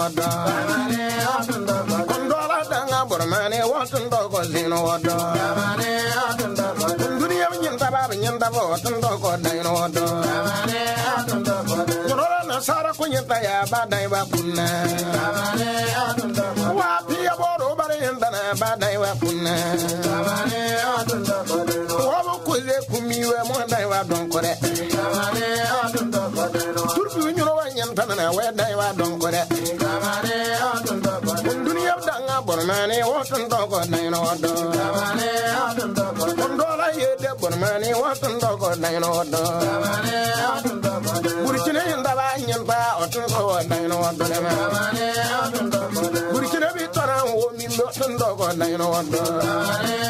wada kundola danga burmane watun doko zin wada duniya nyinta babu nyinta bo watun doko dain wada kundola nasara kunyinta ya badai wa kunna wa piya boro bare yinta na badai wa kunna mani watan dogo nai no do mani watan dogo kondola ye de bon mani watan dogo nai no do mani watan dogo burkina hinda ba nyen ba otun ko nai no do mani watan dogo burkina bi taran wo mi lo tan dogo nai no mani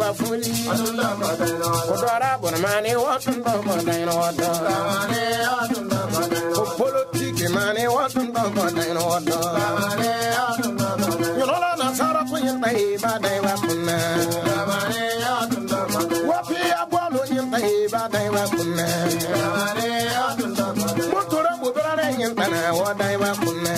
ba fuli kudora burmani watun do godain wado ko politiki mani watun do godain wado yonola nasara kunyin dai ba dai wa kunna wapi abolo yin dai ba dai wa kunna mutura budura yin tana wa dai wa kunna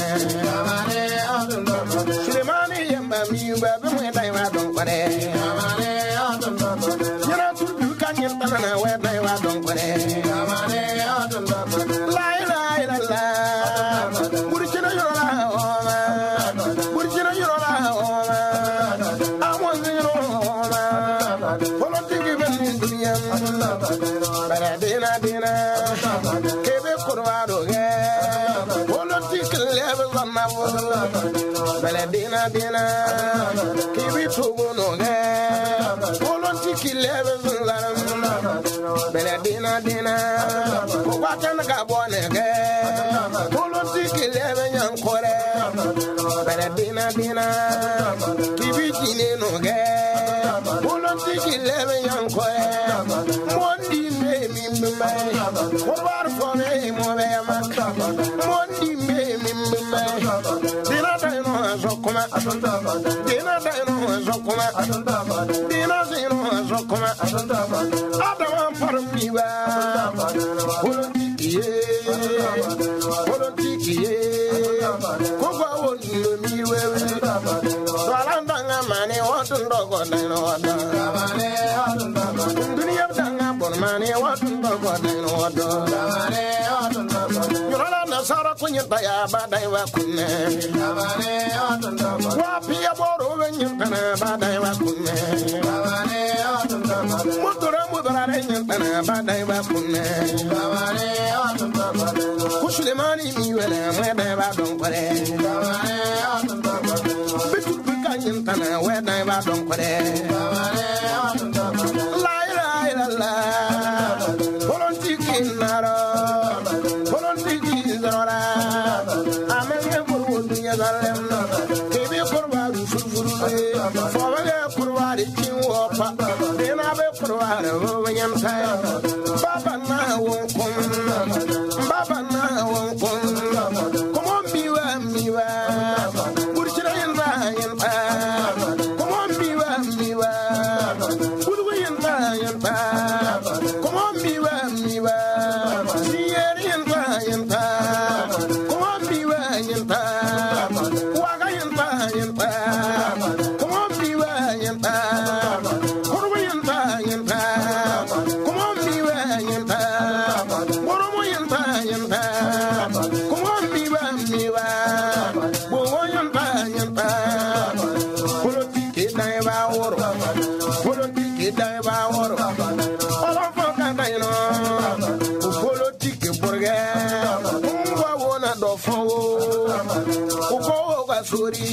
bila kibi tubu noga kolon tiki lebe zunzaram bele dina dina kukwatan ga bone ge kolon tiki lebe nyankore bele dina dina kibi jine noga kolon tiki lebe nyankore mondi me mi mbe ko ba kuma dina zinu azo kuma adama farmiwa politiki ye politiki ye kofa wo nilo mi wewe dɔla danga mani wɔtun dɔgɔ dɛnɛ wɔdɔ duniya danga bɔn mani wɔtun dɔgɔ dɛnɛ wɔdɔ. Nyorola na sara kunyenta ya badai wa kune Wapia boro wenyenta na badai wa kune Mudura mudura renyenta na badai wa kune Kusulemani miwele mwede wa donkore Bitu bika nyenta na wedai wa donkore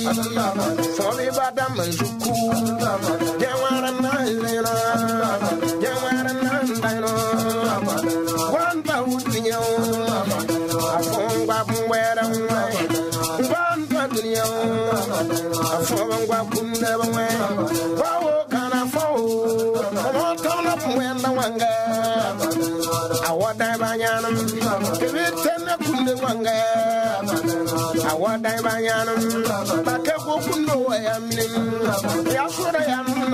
Sorry about that, man. Yeah, what a night, you know. Yeah, what a night, you know. One bout in you. I phone bab where I'm right. One bout in you. I phone bab never went. Wow, can I fall? I won't turn up when I want. I want that, I am. Give it kunde wanga awadai bayanum bake go kundo wayamnim yasura yanum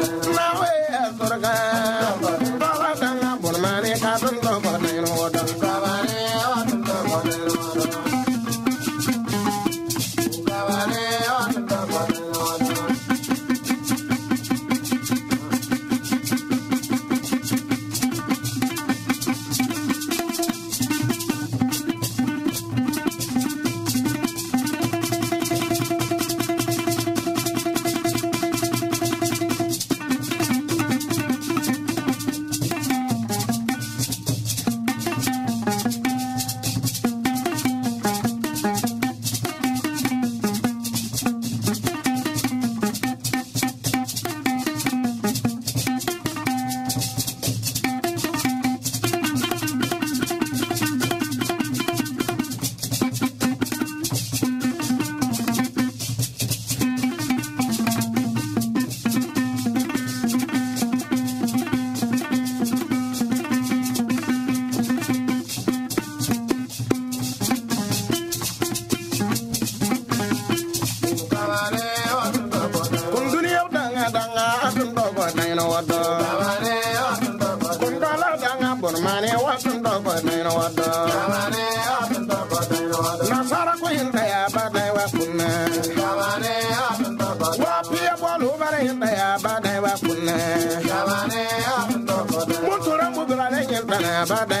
mane watun da badai na wada mane watun da badai na wada nasara ko hinda ya badai wa kunna mane watun da badai wa piya bolu bare hinda ya badai wa kunna mane watun da badai mutura mudura ne hinda ya badai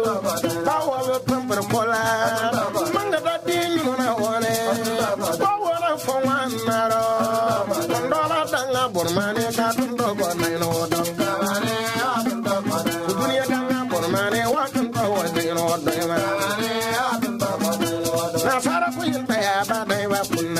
I'm sara kuil me abanai wa pul